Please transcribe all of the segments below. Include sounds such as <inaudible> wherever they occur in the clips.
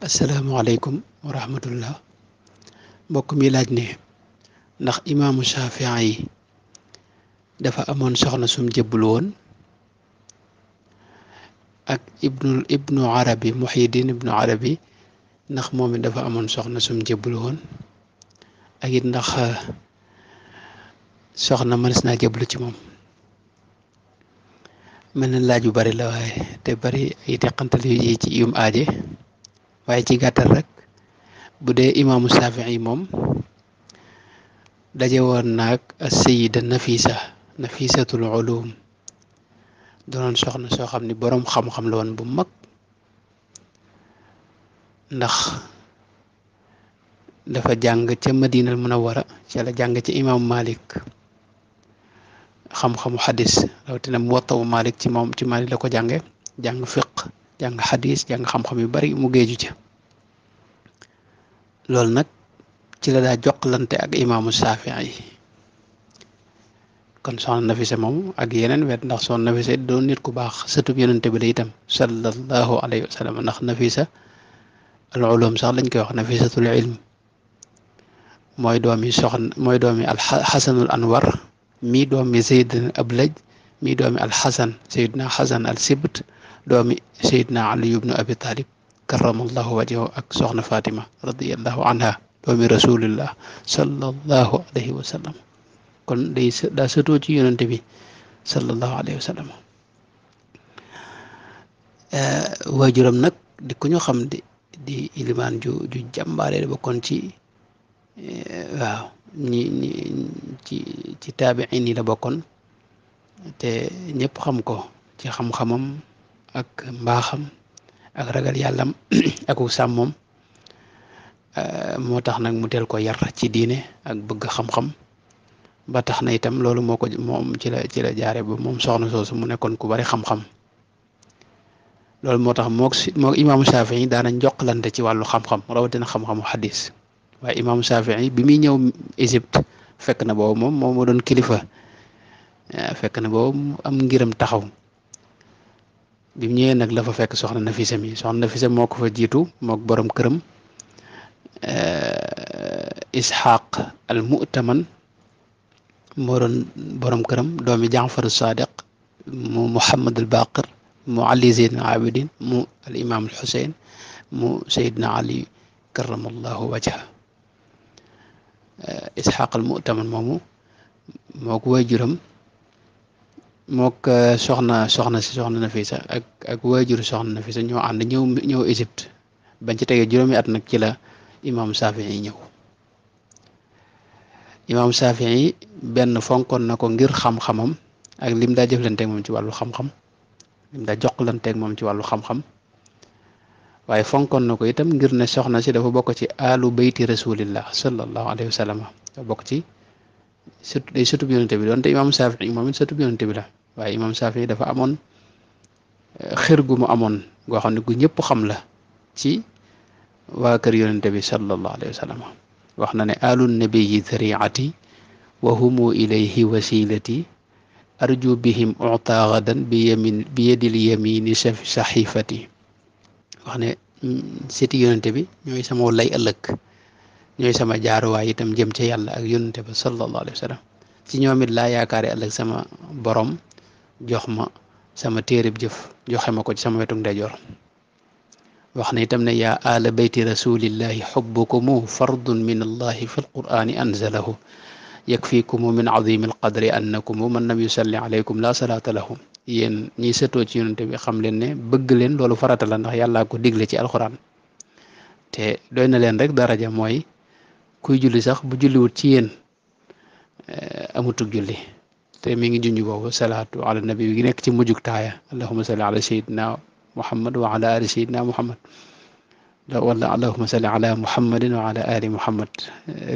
asalaamualeykum wa rahmatullah mbokk mi laaj ne ndax imaamu Shafii yi dafa amoon soxna sum jëbbul woon ak ibnu ibnu arabi muhiddin ibnu arabi ndax moom it dafa amoon soxna sum jëbbul woon ak it ndax euh, soxna mënees naa ci moom mel na laaj yu bari la waaye te bari ay teqantal yi ci yum aaje waaye ci gàttal rek bu dee imaamu Shafii moom daje woon naag sayida nafisa nafisatul ulum doonoon soxna soo xam ni boroom xam-xam la woon bu mag ndax dafa jàng ca madinal munawara ca la jàng ca imaamu malik xam-xamu xadis rawatina mu wattawu malik ci moom ci malik la ko jànge jàng fiq jàng xadis jàng xam-xam yu bari mu géeju ca loolu nag ci la daa jokkalante ak imaamu Saafi'i yi kon soxna Nafisa moom ak yeneen wet ndax soxna Nafisa it doon nit ku baax sëtub yonente bi la itam sallallahu alayhi wa sallam ndax Nafisa al ulum sax lañ koy wax Nafisatul ilm mooy doom yi soxna mooy doom yi alxasanul anwar mi doom yi Seydina Ablaj mii doom yi alxasan Seydina Xasan al sibt doomi Seydina Ali ibnu Abi Talib karamallahu wajhahu ak soxna Fatima radiyallahu anha doomi rasulillah sallallahu alayhi wa kon day daa sëtoo ci yonente bi sallallahu alayhi wa sallam eh, waajuram nag di ku ñu xam di di ilimaan ju ju jàmbaare bokkoon ci eh, waaw ci ci taabiin yi la te ñëpp xam ko ci xam-xamam ak mbaaxam ak ragal yàllam <clears throat> aku moom euh, moo tax nag mu teel ko yar ci diine ak bëgg xam-xam ba tax na itam loolu moo ko moom ci la ci la jaare ba moom soxna soosu mu nekkoon ku bari xam-xam loolu moo tax mook mook imaamu Shafii daanañ jokkalante ci wàllu xam-xam rawatina xam-xamu xadis waaye imaamu Shafii bi muy ñëw Égypte fekk na boobu moom moom moo doon kilifa fekk na boobu am ngiram taxaw bim ñëwé nak la fa fekk soxna Nafisa mi soxna Nafisa moko fa jitu mok borom kërëm euh ishaq al Mu'taman moron borom kërëm doomi Jaafar Sadiq mu Muhammad al Baqir mu Ali Zeyn al Abidin mu al Imam al husayn mu Seydina Ali karram allah wajha ishaq al Mu'taman momu moko wajuram mook eh, soxna soxna si soxna Nafisa ak ak waajur soxna Nafisa ñoo ànd ñëw ñëw Égypte bañ ci tegee juróomi at kila ci la imaam Saafi'i ñëw imaam Saafi'i benn fonkoon na ko ngir xam-xamam ak lim daa jëflanteeg moom ci wàllu xam-xam lim moom ci wàllu xam-xam waaye fonkoon na ko itam ngir ne soxna si dafa bokk ci alu bayti rasulillah sallallahu alayhi wa sallam dafa bokk ci surtout day bi doonte imaam Saafi'i moom it sëtub bi la waaye imam Shafi dafa amoon eh, xër gu mu amoon goo ne gu ñëpp xam la ci waa kër yonente bi sallallahu alayhi wa sallam wax na ne alun nabiyi zariati wa humu ilayhi wasilati arju bihim uta gadan bi yamin bi wax ne mm, seti yonente bi ñooy sama lay ëllëg ñooy sama jaaruwaay itam jëm ca yàlla ak yonente ba sallallahu alayhi ci ñoom laa yaakaare ëllëg sama borom jox ma sama téereb jëf joxe ma ko ci sama wetu ndeyjoor wax na itam ne yaa aala bayti rasulillahi xubbukumu fardun min allahi fi lqurani anzalahu yakfiikumu min azimi alqadri annakumu man lam yusalli alaykum la salaata lahu yéen ñiy sëtoo ci yonente bi xam leen ne bëgg leen loolu farata la ndax yàllaa ko digle ci alquran te doy na leen rek daraja mooy kuy julli sax bu julliwut ci yéen eh, amutug julli تي ميغي جونيو بوبو صلاه على النبي بي نيك تي موجوك تايا اللهم صل على سيدنا محمد وعلى ال سيدنا محمد لا والله اللهم صل على محمد وعلى ال محمد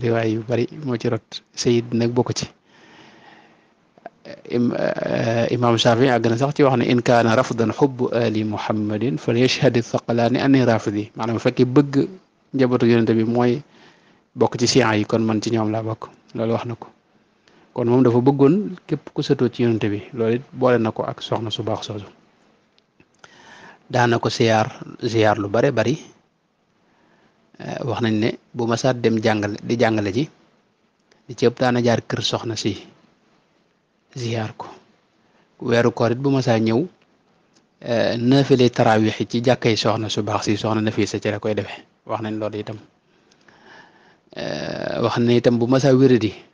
روايه يو بري مو تي روت سيد نك بوكو تي امام شافعي اغنا صاحتي واخنا ان كان رفضا حب ال محمد فليشهد الثقلان اني رافضي معنى فكي بغ جابتو يونت بي موي بوكو تي سيان يكون كون مان تي نيوم لا بوكو لولو واخنا كو kon moom dafa bëggoon képp ku sëtoo ci yonante bi lool it boole na ko ak soxna su baax soosu daanako ko siyaar siyaar lu bare bari eh, wax nañ ne bu ma saat dem jàngale di jàngale ji di ci ëpp daana jaar kër soxna si siyaar ko weeru koor bu ma saa ñëw eh, naafile tarawix ci jàkkay soxna su baax si soxna na fii sa cere koy defee wax nañ loolu itam eh, wax nañ itam bu ma saa wéradi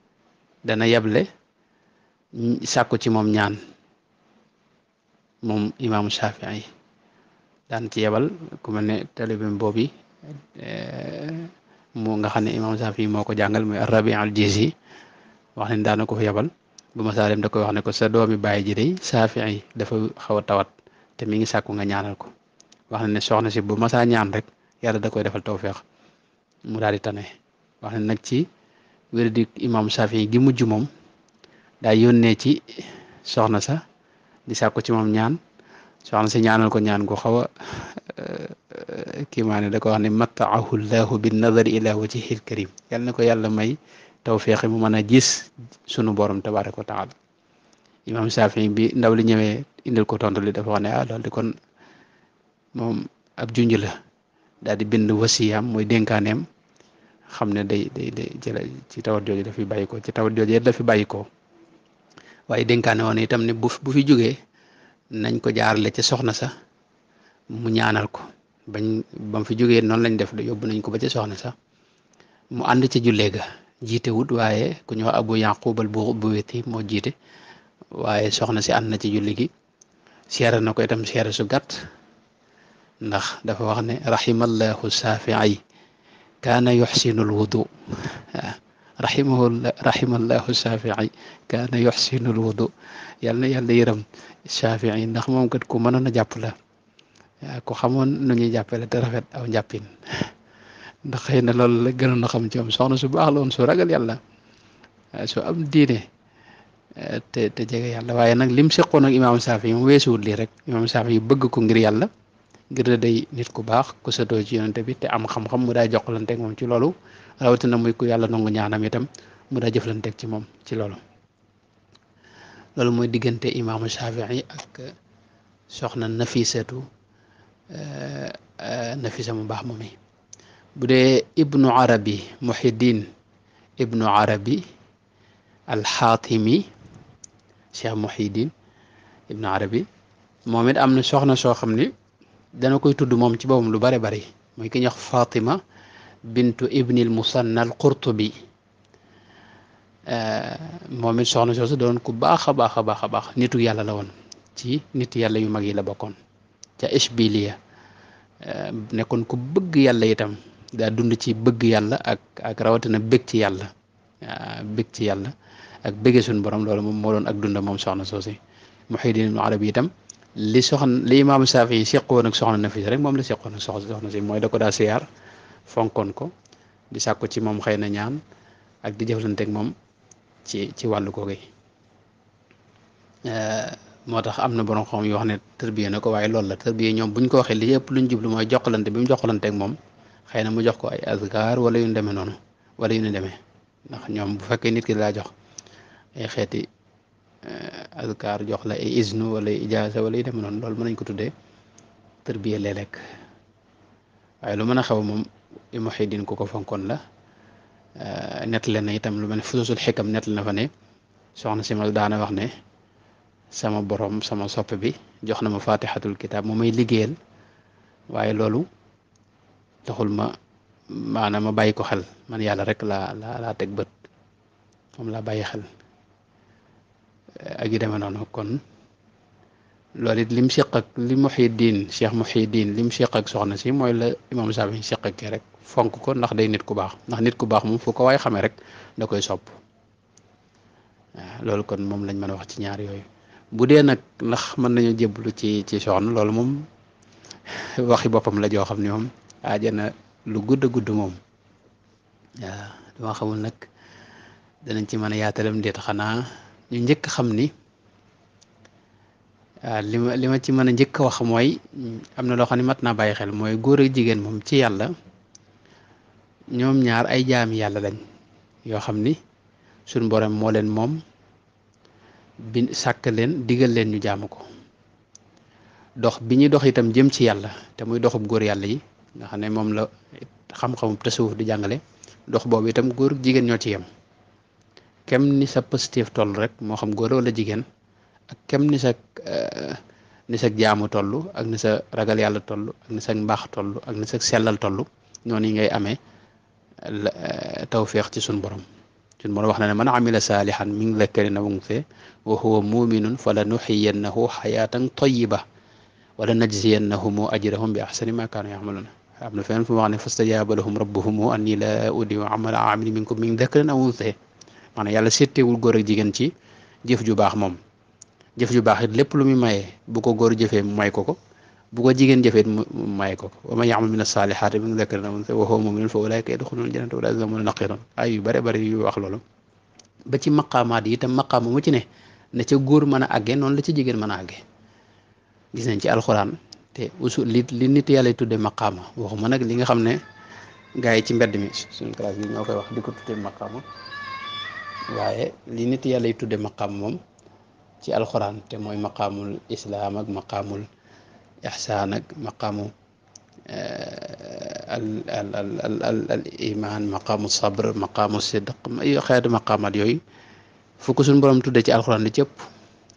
dana yeble sàkku ci moom ñaan moom imaamu Shafii daan ci yebal ku mel ne talibim boobu eh, mu nga xam ne imaamu Shafii moo ko jàngal muy Rabi al Jizi wax ne daan na ko fa yebal bu ma saa dem da koy wax ne ko sa doomi bàyyi ji day Shafii dafa xaw a tawat te mi ngi sàkku nga ñaanal ko wax ne soxna si bu ma ñaan rek yàlla da koy defal tawféex mu daal di tane wax ne nag ci. wérdi imam Shafi gi mujj moom daa yónnee ci soxna sa di sàkku ci moom ñaan soxna si ñaanal ko ñaan ko xaw a euh, kii maa ne da ko wax bi mattaahu llahu binnadari ila wajhil karim yal na ko yàlla may tawféex mu mën a gis sunu borom tabaraka ko taala imam Shafi bi ndaw li ñëwee indil ko tontu li dafa wax ne ah, loolu di kon moom ab junj la daal di bind wasiyaam mooy dénkaaneem xam ne day day day ci tawat jooju daf fi bàyyi ko ci tawat jooju daf fi bàyyi ko waaye dénkaane woon itam ne bu bu fi jógee nañ ko jaarale ci soxna sax mu ñaanal ko bañ bam fi jógee noonu lañ def yóbbu nañ ko ba ci soxna sax mu ànd ci jullee ga jiite wut waaye ku ñëw abu yaqubal bu bu weti moo jiite waaye soxna si ànd na ci julli gi na ko itam seere su gàtt ndax dafa wax ne rahimallahu saafi ay kaana yuxsinul wudu waaw rahimahu rahimallahu shafii kaana yuxsinul wudu yal na yàlla yërëm shafii ndax moom kat ku mënoon a jàpp la waaw ku xamoon nu ñuy jàppale te rafet aw jàppin ndax xëy na loolu la gënoon a xam ci am soxna su baax la woon su ragal yàlla am diine te te jege yàlla waaye nag lim seqoon ak imaam Shafii moom weesuwul lii rek imaam Shafii bëgg ko ngir yàlla ngir da day nit ku baax ku setoo ci yonente bi te am xam-xam mu daa joxlanteeg moom ci loolu rawatina muy ku yàlla nangu ñaanam itam mu daa jëflanteeg ci moom ci loolu loolu mooy diggante imaamu Shafii ak uh, soxna Nafisatu uh, uh, Nafisa mu baax moom bu dee ibnu arabi muhiddin ibnu arabi alxaatimi cheikh muhiddin ibnu arabi moom it am na soxna soo ni dana koy tudd moom ci boppam lu bare bari mooy ki ñuy wax Fatima bintu Ibnil Musanna al Qurtubi euh, moom it soxna soosu doon ku baax a baax a baax a baax nitu yàlla la woon ci nit yàlla yu mag yi la bokkoon ca Ishbiliya euh, nekkoon ku bëgg yàlla yitam daa dund ci bëgg yàlla ak ak rawatina bëgg ci yàlla bëgg ci yàlla ak bëggee sun borom loolu moom moo doon ak dunda moom soxna soosi Muhyiddin Arabi itam. li soxna li imaam Saafi yi seqoon ak soxna Nafisa rek moom la seqoon ak a si mooy da ko daa siyaar fonkoon ko di sàkku ci moom xëy na ñaan ak di jëflanteeg moom ci ci wàllu googu euh, moo tax am na borom xam yoo wax ne tërbiye na ko waaye loolu la tërbiye ñoom buñ ko waxee li yëpp luñ jublu mooy joxalante bi mu joxalanteeg moom xëy na mu jox ko ay azkar wala yu ñu demee noonu wala yu ñu demee ndax ñoom bu fekkee nit ki laa jox ay xeeti. Euh, azkar jox la ay isnu wala ijaasa wala yu demee noonu loolu mën nañ ko tuddee tërbiya léeg-léeg waaye lu mën a xew moom Muhyiddin ku ko ko fonkoon la euh, nettali na itam lu mel ne fususul xikam nettali na fa ne soxna si ma daana wax ne sama borom sama soppe bi jox na ma faatixatul kitaab moom may liggéeyal waaye loolu taxul ma maanaam ma bàyyi ko xel man yàlla rek laa laa laa teg bët moom laa bàyyi xel. ak yu demee noonu kon loolu it lim seq ak li diin Muhyiddin Cheikh Muhyiddin lim seq ak soxna si mooy la imam Saafi seq ak rek fonk ko ndax day nit ku baax ndax nit ku baax moom foo ko waay xamee rek nda koy sopp waaw loolu kon moom lañ mën a wax ci ñaar yooyu bu dee nag ndax mën nañu jébbalu ci ci soxna loolu moom <laughs> waxi boppam la joo xam ne moom aajana lu gudd gudd moom waaw xamul nag danañ ci mën a yaatalam déet xanaa. ñu njëkk xam ni euh, li ma li ma ci mën a njëkk a wax mooy am na loo xam ne mat naa bàyyi xel mooy góor ak jigéen moom ci yàlla ñoom ñaar ay jaami yàlla lañ yoo xam ni suñ borom moo leen moom bi sàkk leen digal leen ñu jaamu ko dox bi ñuy dox itam jëm ci yàlla te muy doxub góor yàlla yi nga xam ne moom la xam-xamub tasawuf di jàngale dox boobu itam góor jigéen ñoo ci yem kem ni sa positif toll rek moo xam góor wala jigéen ak kem ni sa eh, ni sa jaamu toll ak ni sa ragal yàlla toll ak ni sa mbaax toll ak ni sa sellal toll noonu yi ngay amee eh, tawféex ci sun borom sun borom wax na ne man a saalihan mi ngi lekkari na wungi fee wa huwa muminun fala nuxiyannahu xayaatan tayiba wala najziyannahum ajrahum bi axsani ma kaanu yaxmaluna am na feneen fu mu wax ne fastajaaba lahum rabbuhum anni la udiu amala amili minkum min maanaam yàlla settewul góor ak jigéen ci jëf ju baax moom jëf ju baax it lépp lu muy maye bu ko góor jëfee mu may ko ko bu ko jigéen jëfee mu may ko ko wa man ya'mal mina saalihaati min zakarin aw unsaa wa huwa mu'minun fa ulaa'ika yadxuluuna al-jannata wa laa yuzlamuuna naqiiraa yu bare bari yu wax loolu ba ci maqaamaat di itam maqaama mu ci ne na ca góor mën a àggee la ca jigéen mën a àggee nañ ci alxuraan te usul li li nit yàlla tudde maqaama waxuma nag li nga xam ne gars ci mbedd mi suñu classe bi ñoo koy wax di ko tuddee waaye li nit yàlla yi tudde maqaam moom ci alxuraan te mooy maqaamul islaam ak maqaamul ixsaan ak maqaamu eh, al al al al al iman maqaamu sabr maqaamu sidq xeetu maqaamat yooyu fu ko suñu tudde ci alxuraan li ci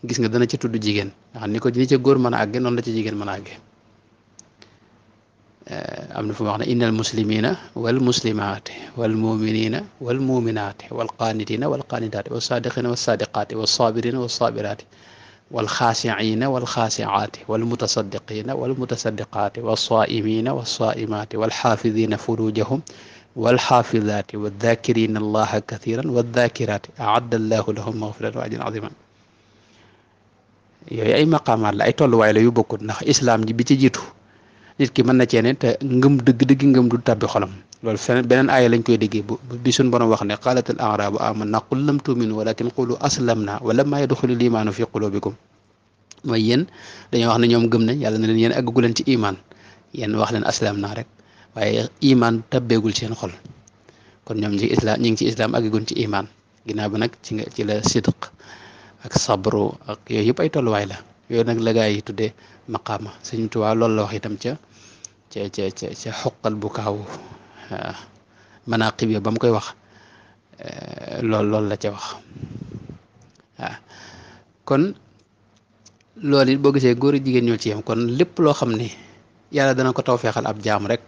gis nga dana ci tudd jigéen ndax ni ko ni ca góor mën a àgge noonu la ci jigéen mën a آه، أمن في معنى إن المسلمين والمسلمات والمؤمنين والمؤمنات والقانتين والقانتات والصادقين والصادقات والصابرين والصابرات والخاسعين والخاسعات والمتصدقين والمتصدقات والصائمين والصائمات والحافظين فروجهم والحافظات والذاكرين الله كثيرا والذاكرات أعد الله لهم مغفرة وأجرا عظيما يا أي مقام الله أي طول وعلى يبكون نعم. إسلام جبتي جيتو nit ki mën na cee ne te ngëm dëgg-dëgg ngëm du tàbbi xolam loolu feneen beneen aaya lañ koy déggee bu bi suñ borom wax ne qaalat al a amanna qul lam tuminu walakin qulu aslamna wa lamma yadxulil imaanu fi qulubikum mooy yéen dañoo wax ne ñoom gëm nañ yàlla na leen yéen àggagu leen ci imaan yéen wax leen aslam na rek waaye imaan tabbeegul seen xol kon ñoom ci islam ñi ngi ci islam àggaguñ ci imaan ginnaaw ba nag ci nga ci la sidq ak sabru ak yooyu yëpp ay tolluwaay la yooyu nag la yi tuddee maqama seigne touba lol la wax itam ca ca ca ca ca bu kaw manaqib ya bam koy wax eh, lol lol la ca wax kon lool it boo gori góor jigéen ñoo ci yam kon lepp lo xam yalla dana ko tawfexal ab jaam rek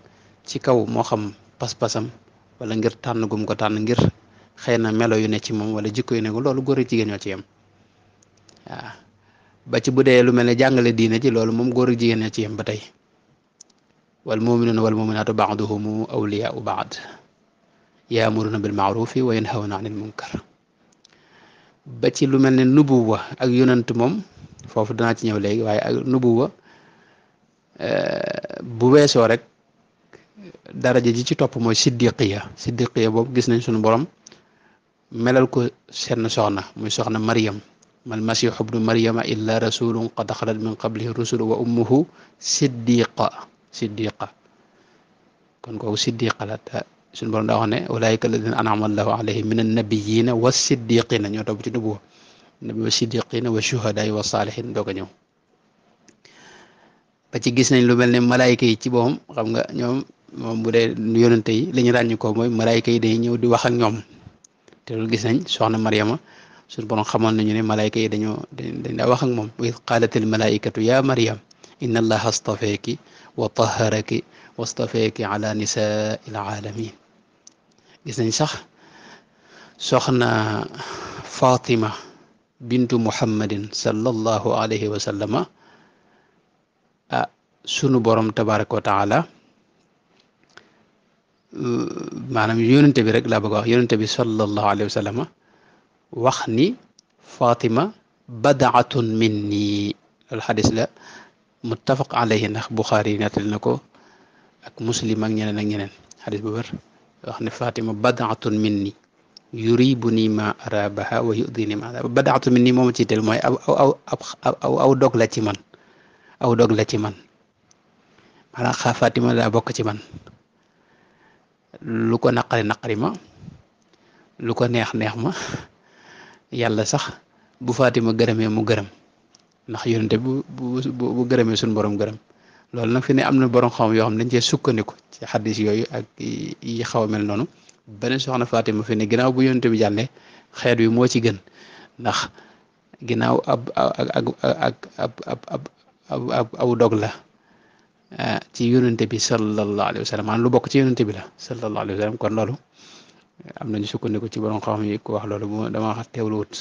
ci kaw mo xam pas-pasam wala ngir tan gum ko tan ngir xeyna melo yu ne ci mom wala jikko yu ne lolou loolu jigen ci yam ba ci bu dee lu mel ne jàngale diine ci loolu moom góor ak jigéen ña ci yem ba tey wal muminuuna wal muminaatu baaduhumu awliyaau baad yaamuruna bil maarufi wa yanhawna anil munkar ba ci lu mel ne nubuwa ak yonant moom foofu danaa ci ñëw léegi waaye ak nubuwa bu weesoo rek daraja ji ci topp mooy siddiqiya siddiqiya boobu gis nañ sunu borom melal ko seen soxna muy soxna Maryam. mal masiixu bnu maryama illa rasulun qad xalat min qablihi rusul wa ummuhu siddiqa siddiqa kon kooku siddiqa la te suñu borom daa wax ne ulaayika alladina anama allahu alayhim min annabiyina wa siddiqina ñoo topp ci nubuwa nabi wa siddiqina wa shuhadaai wa saalihin doo ko ñëw ba ci gis nañ lu mel ne malaayika yi ci boppam xam nga ñoom moom bu dee yonente yi li ñu ràññi ko mooy malaayika yi dañuy ñëw di wax ak ñoom te loolu gis nañ soxna maryama سون بروم خامون نانيو ني ملائكه يي دانيو دا واخ اك موم قالت الملائكه يا مريم ان الله اصطفاك وطهرك واصطفاك على نساء العالمين غيس نان صاح سخنا فاطمه بنت محمد صلى الله عليه وسلم سونو بروم تبارك وتعالى manam yonente bi rek la bëgg wax yonente bi sallallahu alayhi wasallam wax ni fatima badaatun minni loolu xadis la muttafaq alayhi ndax buxaari yi nettali na ko ak muslim ak ñeneen ak ñeneen xadis bu wax ne fatima badaatun minni yuribuni ma arabaha wa yudini ma arabaha badaatu min ni mooma ci ci man aw dog la ci man xa Fatima daa bokk ci man lu ko naqari naqari ma lu ko neex neex ma yàlla sax bu Fatima gërëmee mu gërëm ndax yonente bu bu bu gërëmee suñu borom gërëm loolu nag fi ne am na borom xam yoo xam dañ cee sukkandiku ci yooyu ak yi xaw a mel noonu beneen soxna Fatima fi ne ginnaaw bu yonente bi jàllee xeet wi moo ci gën ndax ginnaaw ab ak ak ab ab ab aw dog la eh, ci yonente bi sallallahu alayhi wa sallam maanaam lu bokk ci yonente bi la sallallahu alayhi wa sallam kon loolu. am nañu sukkandiku ci borom xam yi ku wax loolu bu dama xas teewlu wut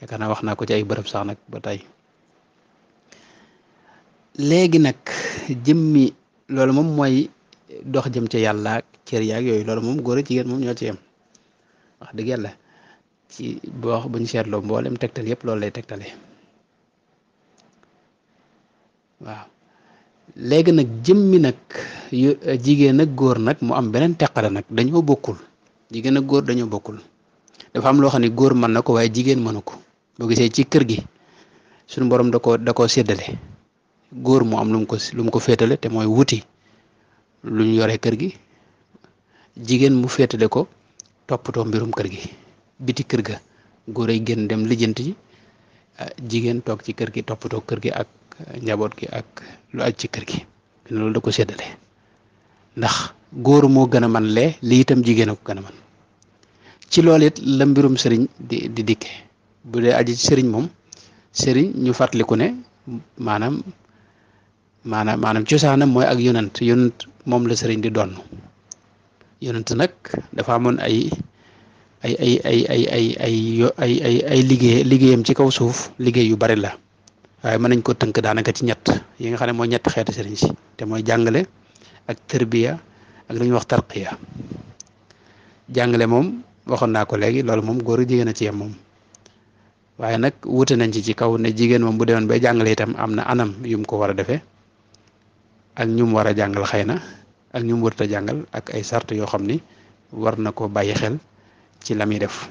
yaakaar naa wax naa ko ci ay bërëb sax nag ba tey léegi nag jëmmi loolu moom mooy dox jëm ci yàlla ak cër yaak yooyu loolu moom góor a jigéen moom ñoo ci yem wax dëgg yàlla ci boo buñ seetloo mboolem tegtal yëpp loolu lay tegtale waaw léegi nag jëmmi nag jigéen ak góor nag mu am beneen teqale nag dañoo bokkul jigéen a góor dañoo bokkul dafa am loo xam ne góor mën na ko waaye jigéen mënu ko boo gisee ci kër gi suñu borom da ko da koo séddale góor mu am lu ko lu mu ko féetale te mooy wuti lu yore kër gi jigéen mu féetale ko toppatoo mbirum kër gi biti kër ga góor ay génn dem lijjanti ji ah, jigéen toog ci kër gi toppatoo kër gi ak njaboot gi ak lu aj ci kër gi loolu da ko séddale ndax góor moo gën a man le lii itam jigéen a gën a man ci loolu it la mbirum sëriñ di di dikke bu dee aji sëriñ moom sëriñ ñu fàttaliku ne maanaam maanaam maanaam cosaanam mooy ak yonant yonant moom la sëriñ di donn yonant nag dafa amoon ay ay ay ay ay ay ay ay ay ay liggéey liggéeyam ci kaw suuf liggéey yu bari la waaye mën nañ koo tënk daanaka ci ñett yi nga xam ne mooy ñett xeetu sëriñ si te mooy jàngale ak tërbiya ak lu ñuy wax tarqiya jàngale moom waxoon naa ko léegi loolu moom góor jigéen a ci yem moom waaye nag wuute nañ ci ci kaw ne jigéen moom bu demoon bay jàngale itam am na anam yum ko war a defee ak ñum war a jàngal xëy na ak ñum warut a jàngal ak ay sart yoo xam ni war na ko bàyyi xel ci la muy def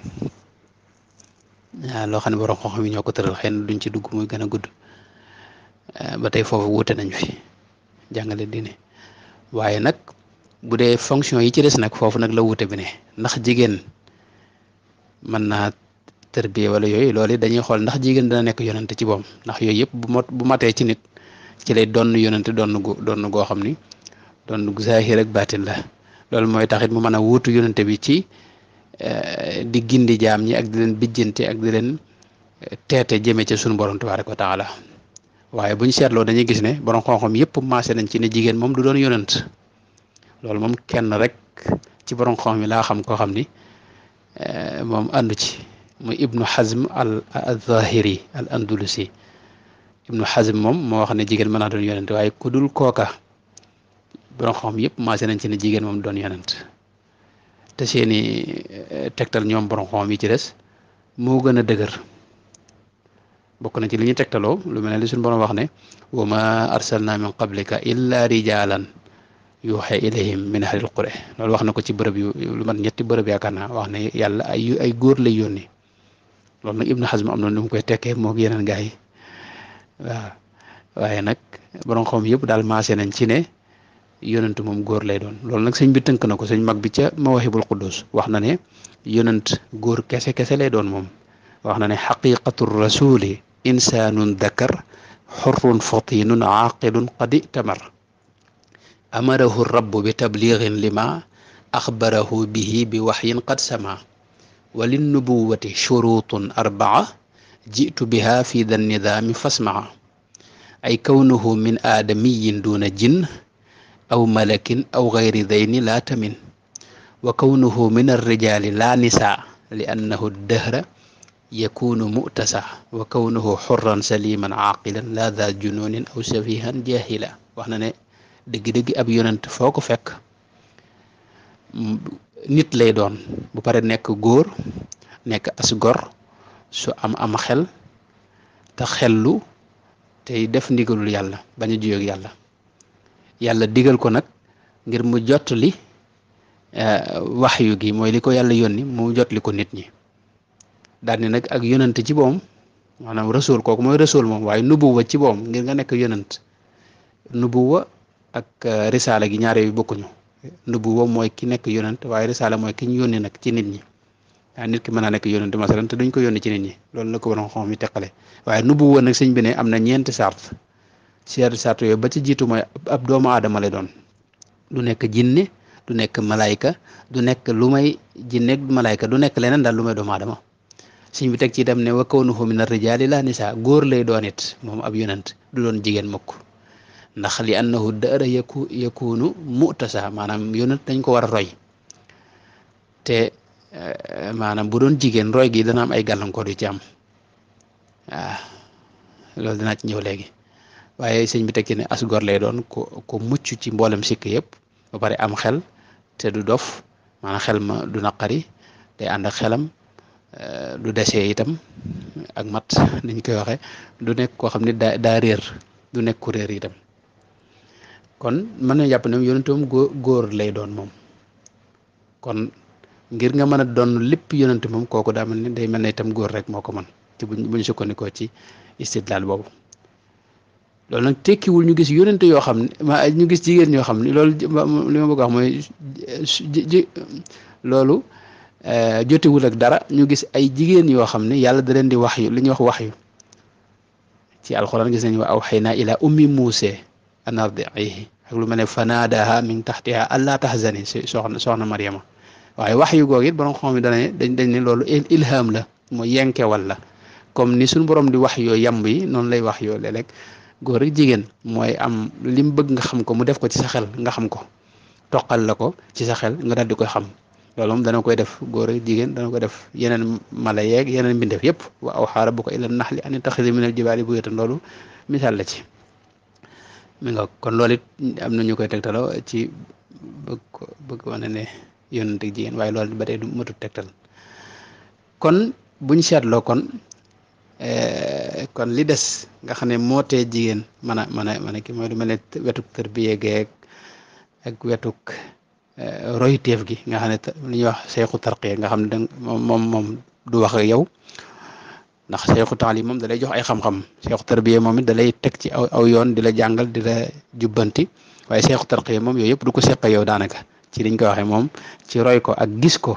loo xam ne borom xam-xam yi ñoo ko tëral xëy na duñ ci dugg muy gën a gudd ba tey foofu wuute nañ fi jàngale diine waaye nag bu dee fonction yi ci des nag foofu nag la wuute bi ne ndax jigéen mën naa tërbiye wala yooyu loolu dañuy xool ndax jigéen dana nekk yonante ci boom ndax yooyu yëpp bu mot bu matee ci nit ci lay donn yonante donn gu donn goo xam ni donn gu zaahir ak baatin la loolu mooy taxit mu mën a wuutu yonante bi ci eh, di gindi jaam ñi ak di leen bijjante ak di leen eh, teete jëme ci sunu borom tabaaraka wa taala waaye bu ñu seetloo dañuy gis ne borom xam-xam yëpp maase nañ ci ne jigéen moom du doon yonant loolu moom kenn rek ci borom xam mi laa xam koo xam ni eh, moom àndu ci muy ibnu Hazm al Zahiri al Andalusi ibnu Hazm moom moo wax ne jigéen mën naa doon yonent waaye ku kooka borom xam yëpp maase nañ ci ne jigéen moom doon yonent te seeni eh, tektal ñoom borom xam yi ci res moo gën a dëgër bokk na ci li ñu tegtaloo lu mel ne li suñu wax ne wa ma min qablika illa rijalan yuuxee ilayhim min ahlil qura loolu wax na ko ci bërëb yu lu mat ñetti bërëb yaakaar naa wax ne yàlla ay ay góor lay yónni loolu nag Ibnu Hazm am na nu koy tekkee moo yeneen gaa yi waaw waaye nag borom xam yëpp daal maase nañ ci ne yonent moom góor lay doon loolu nag sëñ bi tënk na ko sëñ mag bi ca Mawahibul Quddus wax na ne yonant góor kese kese lay doon moom wax na ne xaqiqatu rasuli insanun dakar xurrun fatinun aaqilun qadi tamar أمره الرب بتبليغ لما أخبره به بوحي قد سمع وللنبوة شروط أربعة جئت بها في ذا النظام فاسمع أي كونه من آدمي دون جن أو ملك أو غير ذين لا تمن وكونه من الرجال لا نساء لأنه الدهر يكون مؤتسع وكونه حرا سليما عاقلا لا ذا جنون أو سفيها جاهلا وحنا dëgg-dëgg ab yonent foo ko fekk nit lay doon bu pare nekk góor nekk as gor su am am xel te xellu tey def ndigalul yàlla bañ a juyoog yàlla yàlla digal ko nag ngir mu jottali eh, wax yu gi mooy li ko yàlla yónni mu jotli ko nit ñi daal ni nag ak yonent ci boom maanaam rasul kooku mooy rasul moom waaye nubuwa ci boom ngir nga nekk yonent nubuwa ak euh, risaala gi ñaare yu bokkuñu nubuwa mooy ki nekk yonent waaye risaala mooy ki ñu yónni nag ci nit ñi ah nit ki mën naa nekk yonent masalan te duñ ko yónni ci nit ñi loolu la ko borom xam mi teqale waaye nubuwa nag sëñ bi ne am na ñeenti sart seer sart yooyu ba ci jiitu ab doomu aadama lay doon du nekk jinne du nekk malayka du nekk lu may jinne malayka du nekk leneen daal lu may doomu adama sëñ bi teg ci itam ne wa kawnuhu min ar-rijaali laa nisaa góor lay doon moom ab yonant du doon jigéen mukk ndax li annahu daara yaku yakunu mutasa maanaam yonent dañ ko war a roy te eh, maanaam bu doon jigéen roy gi dana am ay gàllankoor yu ci am ah, loolu dinaa ci ñëw léegi waaye sëñ bi tekki ne as gor doon ko ko mucc ci mboolem sikk yépp ba pare am xel te du dof maanaam xel ma du naqari day ànd ak xelam eh, du desee itam ak mat niñ koy waxe du nekk koo xam ne daa daa du nekk ku réer kon mën nañu jàpp ne yonentam góor lay doon moom kon ngir nga mën a doon lépp yonent moom kooku daa mel ni day mel ne itam góor rek moo ko mën ci buñ buñ sukkandikoo ci istidlaal boobu loolu nag tekkiwul ñu gis yonent yoo xam ne ma ñu gis jigéen ñoo xam ne loolu li ma bëgg wax mooy ji eh, jotewul ak dara ñu gis ay jigéen yoo xam ne yàlla da leen di wax yu li ñuy wax wax yu ci alxuraan gis nañu wa awxaynaa ilaa ummi muusee an ardiihi ak lu mel ne fanaadaha min taxtiha allaa tahzani si soxna soxna Mariama waaye wax yu googu it borom xam mi dana dañ dañ ne loolu ilham la mooy yenkewal la comme ni suñu borom di wax yoo yamb yi noonu lay wax yoo léeg-léeg góor ak jigéen mooy am li mu bëgg nga xam ko mu def ko ci sa xel nga xam ko toqal la ko ci sa xel nga daal di koy xam loolu moom dana koy def góor ak jigéen dana koy def yeneen mala yeeg yeneen mbindeef yëpp wa awxaa rabbuka ila naxli an taxidi min al jibaali buyutan loolu misaal la ci mi nga kon loolu it am na ñu koy tegtaloo ci bëgg ko bëgg wane ne yonent ak jigéen waaye loolu ba tey du matut tegtal kon buñ seetloo kon eh, kon li des nga xam ne moo tee jigéen mën a mën a mën a kii mooy lu mel ne wetuk tërbiye geeg ak wetuk eh, royteef gi nga xam ne lu ñuy wax seexu tarqiya nga xam ne moom moom moom du wax ak yow ndax seexu taalim moom da lay jox ay xam-xam seexu tarbiya moom it da teg ci aw aw yoon di la jàngal di la jubbanti waaye seexu tarqiya moom yooyu yëpp du ko seqa daanaka ci liñ ko waxee moom ci roy ko ak gis ko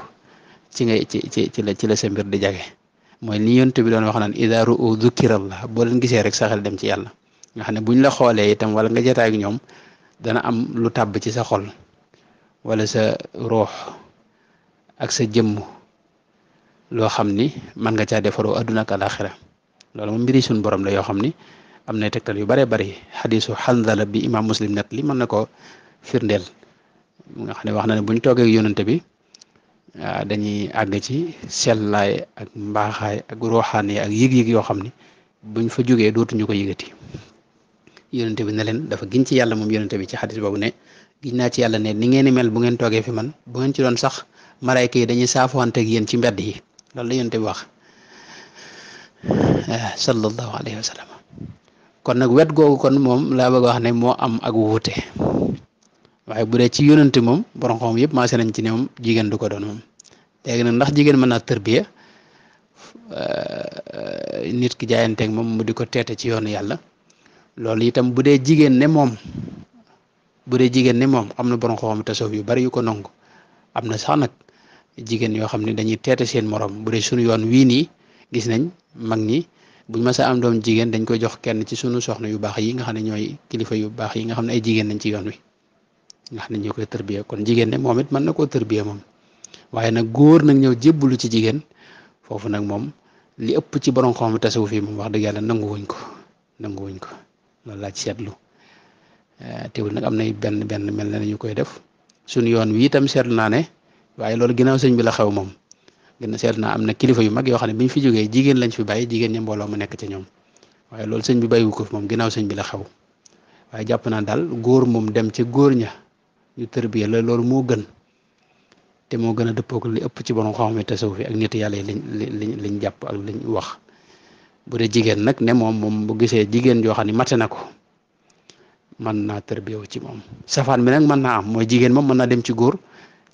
ci ngay ci ci ci la ci la sa mbir di jage mooy li yonent bi doon wax naan idaa ru'u dhukirallah boo leen gisee rek sa dem ci yàlla nga xam ne buñ la xoolee itam wala nga jotaay ñoom dana am lu tàbb ci sa xool wala sa ruux ak sa jëmm loo xam ni mën nga caa defaroo adduna ak alaxira loolu moom mbiri suñu borom la yoo xam ni am na tegtal yu bare bari xadiisu xandala bi imaam muslim net li man na ko firndeel nga xam ne wax na ne bu ñu toogee yoonante bi ah, dañuy àgg ci sellaay ak mbaaxaay ak ruuxaan ak yëg-yëg yoo xam ni buñ fa jógee dootuñu ko yëgati yonante bi ne leen dafa giñ ci yàlla moom yonante bi ci xadis boobu ne giñ naa ci yàlla ne ni ngeen mel bu ngeen toogee fi man bu ngeen ci doon sax malaayka yi dañuy saafoonteeg yéen ci mbedd yi loolu la yonent wax eh, sallallahu alayhi wa sallam kon nag wet googu kon moom laa bëgg a wax ne moo am ak wuute waaye bu dee ci yonent moom borom xam yëpp maase nañ ci ne moom jigéen du ko doon moom léegi nag ndax jigéen mën naa tërbiya eh, nit ki jaayanteeg moom mu di ko teete ci yoonu yàlla loolu itam bu dee jigéen ne moom bu dee jigéen ne moom am na borom xam tasawuf yu bari yu ko nangu am na sax nag. jigéen yoo xam ne dañuy teete seen morom bu dee suñu yoon wii nii gis nañ mag ñi buñ mës a am doom jigéen dañ koy jox kenn ci sunu soxna yu baax yi nga xam ne ñooy kilifa yu baax yi nga xam ne ay jigéen lañ ci yoon wi nga xam ne ñoo koy tërbiya kon jigéen ne moom it mën na koo tërbiya moom waaye nag góor nag ñëw lu ci jigéen foofu nag moom li ëpp ci borom xam mi tasawu fii moom wax dëgg yàlla nangu wuñ ko nangu wuñ ko loolu laa ci seetlu eh, teewul nag am nay benn benn mel na ñu koy def waaye loolu ginnaaw sëñ bi la xew moom gën a seetlu naa am na kilifa yu mag yoo xam ne bi ñu fi jógee jigéen lañ fi bàyyi jigéen ñi mbooloo mu nekk ci ñoom waaye loolu sëñ bi bàyyiwu ko fi moom ginnaaw sëñ bi la xew waaye jàpp naa daal góor moom dem ci góor ña ñu tërbiye la loolu moo gën te moo gën a dëppoog li ëpp ci borom xam-xam tasawuf yàlla yi liñ liñ liñ jàpp ak liñ wax bu dee jigéen nag ne moom moom bu gisee jigéen joo xam ne mate na ko mën naa tërbiyewu ci moom safaan bi nag mën naa am mooy jigéen moom mën naa dem ci góor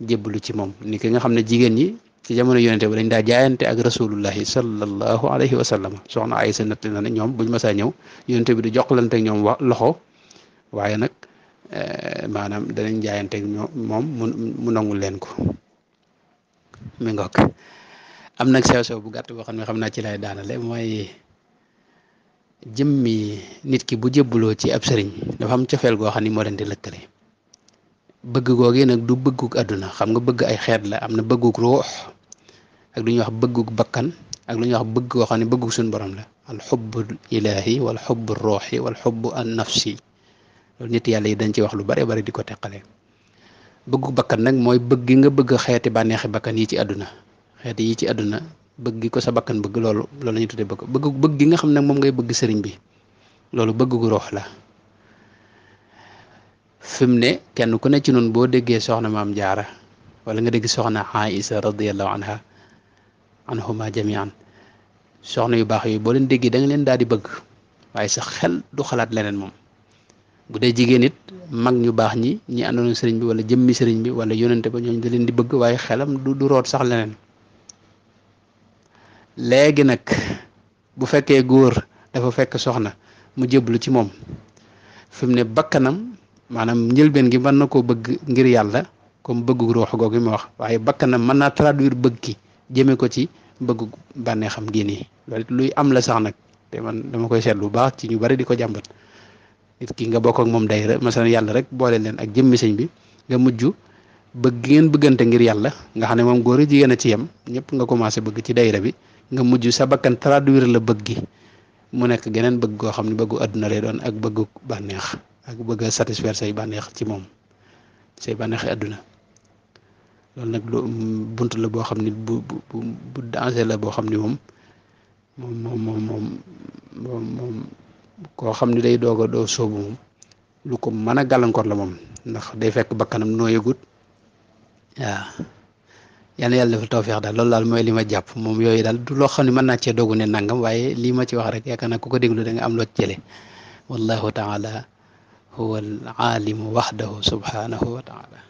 jébbalu ci moom ni ki nga xam ne jigéen ñi ci jamono yonente bi dañ daa jaayante ak rasulullahi sallallahu alayhi wa sallam soxna Aysa natt na ne ñoom buñ masaa ñëw yonente bi di jokkalante ak ñoom wa loxo waaye nag eh, maanaam danañ jaayante ak ñoom moom mu nangul leen ko mi ngoog am nag sew sew bu gàtt boo xam ne xam naa ci lay daanale mooy jëmmi nit ki bu jébbaloo ci ab sëriñ dafa xam cofeel goo xam ni moo leen di lëkkale bëgg googee nag du bëgguk aduna xam nga bëgg ay xeet la am na bëgguk ruux ak lu ñuy wax bëgguk bakkan ak lu ñuy wax bëgg xam bëgguk suñu borom la al xubbul ilahi wal hubbur ruuxi wal xubbu an nafsi loolu nit yàlla yi dañ ci wax lu bare bari di ko teqale bëggu bakkan nag mooy bëgg nga bëgg xeeti bànneexi bakkan yi ci aduna xeeti yi ci aduna bëgg ko sa bakkan bëgg loolu loolu la ñu tuddee bëgg bëgg bëgg gi nga xam ne moom ngay bëgg sëriñ bi loolu bëgg gu la fi mu ne kenn ku ne ci noonu boo déggee soxna maam jaara wala nga dégg soxna Aïsa radiyallahu anha anhuma jamian soxna yu baax yooyu boo leen déggee da leen daal di bëgg waaye sax xel du xalaat leneen moom bu dee jigéen it mag ñu baax ñi ñi àndoon sëriñ bi wala jëmmi sëriñ bi wala yonente ba ñooñ da leen di bëgg waaye xelam du du root sax leneen léegi nag bu fekkee góor dafa fekk soxna mu jéblu ci moom fi mu ne bakkanam maanaam njëlbeen gi mën na koo bëgg ngir yàlla comme bëggu ruux googu ma wax waaye bakkanam mën naa traduire bëgg ki jëme ko ci bëggu bànnee xam gi nii loolu luy am la sax nag te man dama koy seetlu lu baax ci ñu bari di ko jàmbat nit ki nga bokk ak moom ma sa yàlla rek boole leen ak jëmmi sëñ bi nga mujj bëgg ngeen bëggante ngir yàlla nga xam ne moom góor jigéen a ci yam ñëpp nga commencé bëgg ci dayra bi nga mujj sa bakkan traduire la bëgg gi mu nekk geneen bëgg goo xam ne bëggu àdduna lay doon ak bëggu bànneex ak bëgg a satisfaire say bànneex ci moom say bànneexi àdduna loolu nag lu bunt la boo xam ni bu bu bu danger la boo xam ni moom moom moom moom moom moom koo xam ni day doog a doo soobu moom lu ko mën a gàllankoor la moom ndax day fekk bakkanam nooyagut waaw yal na yàlla dafa tawfeex daal loolu daal mooy li ma jàpp moom yooyu daal du loo xam ne mën naa cee dogu ne nangam waaye lii ma ci wax rek yaakaar naa ku ko déglu da nga am loo ci jële wallahu taala هو العالم وحده سبحانه وتعالى